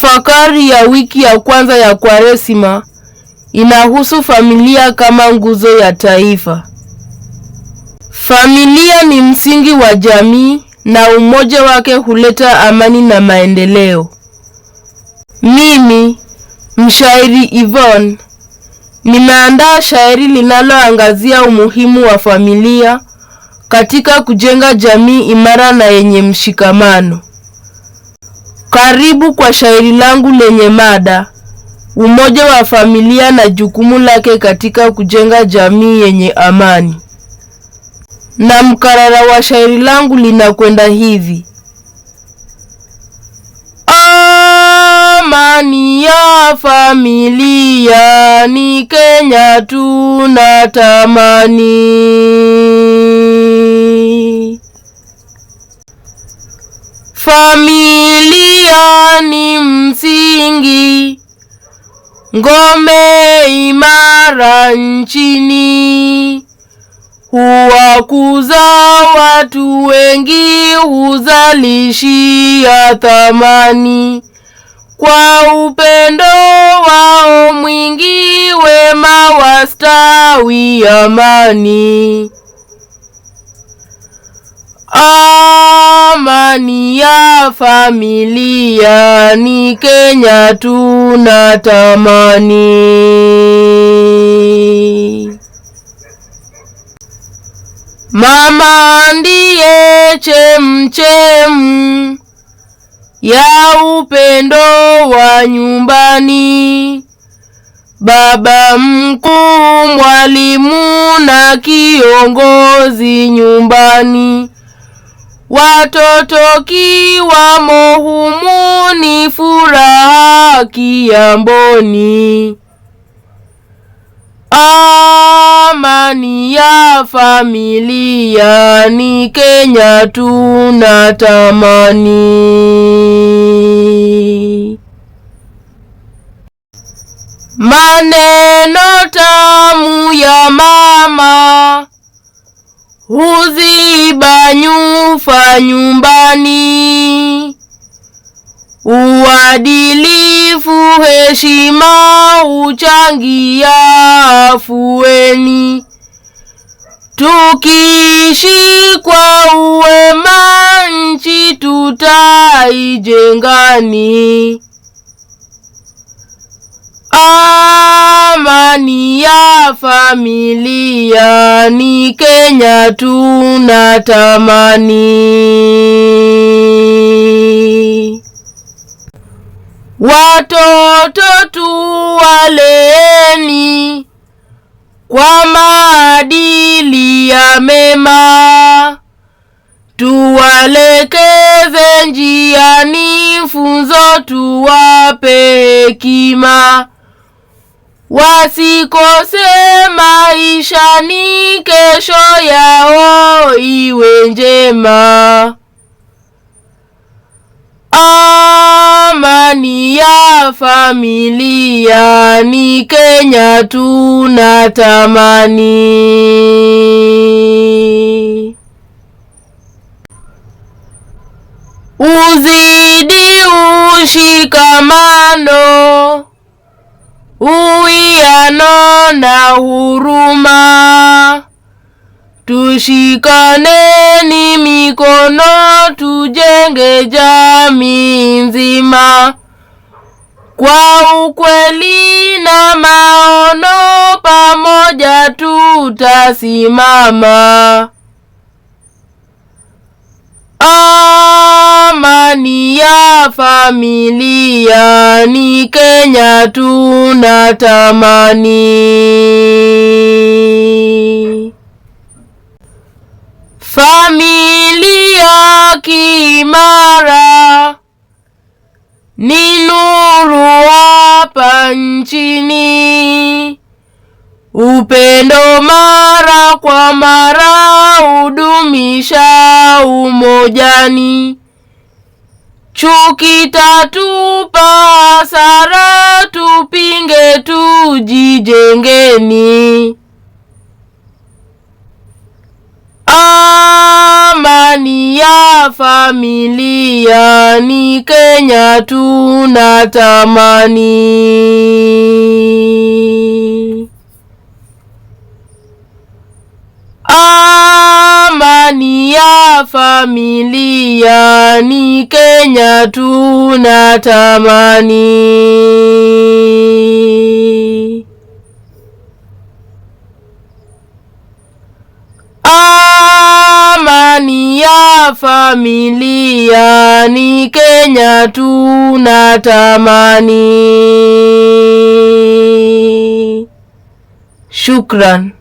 Tafakari ya wiki ya kwanza ya Kwaresima inahusu familia kama nguzo ya taifa. Familia ni msingi wa jamii na umoja wake huleta amani na maendeleo. Mimi mshairi Yvonne nimeandaa shairi linaloangazia umuhimu wa familia katika kujenga jamii imara na yenye mshikamano. Karibu kwa shairi langu lenye mada umoja wa familia na jukumu lake katika kujenga jamii yenye amani, na mkarara wa shairi langu linakwenda hivi: amani ya familia ni Kenya tunatamani familia hiyo ni msingi, ngome imara nchini. Huwakuza watu wengi, huzalishia thamani kwa upendo wao mwingi, wema wastawi amani. Thamani ya familia ni Kenya tunatamani. Mama ndiye chemchemu ya upendo wa nyumbani, baba mkuu, mwalimu na kiongozi nyumbani Watoto kiwamo humu ni furaha kiamboni. Amani ya familia ni Kenya tunatamani. Maneno tamu ya mama Huziba nyufa nyumbani, uadilifu heshima uchangia afueni. Tukiishi kwa uwema, nchi tutaijengani. Amani ya familia ni Kenya tunatamani. Watoto tuwaleeni kwa maadili ya mema, tuwalekeze njiani, funzo tuwape hekima wasikose maisha ni kesho yao iwe njema. Amani ya familia ni Kenya tunatamani. Uzidi ushikamano uwiano na huruma. Tushikaneni mikono, tujenge jamii nzima kwa ukweli na maono, pamoja tutasimama. Amani ya familia ni Kenya tunatamani. Familia kimara ni nuru hapa nchini. Upendo mara kwa mara hudumisha umojani. Chuki tatupa hasara, tupinge tujijengeni. Amani ya familia ni Kenya tunatamani. Amani ya familia ni Kenya tunatamani. Amani ya familia ni Kenya tunatamani. Shukran.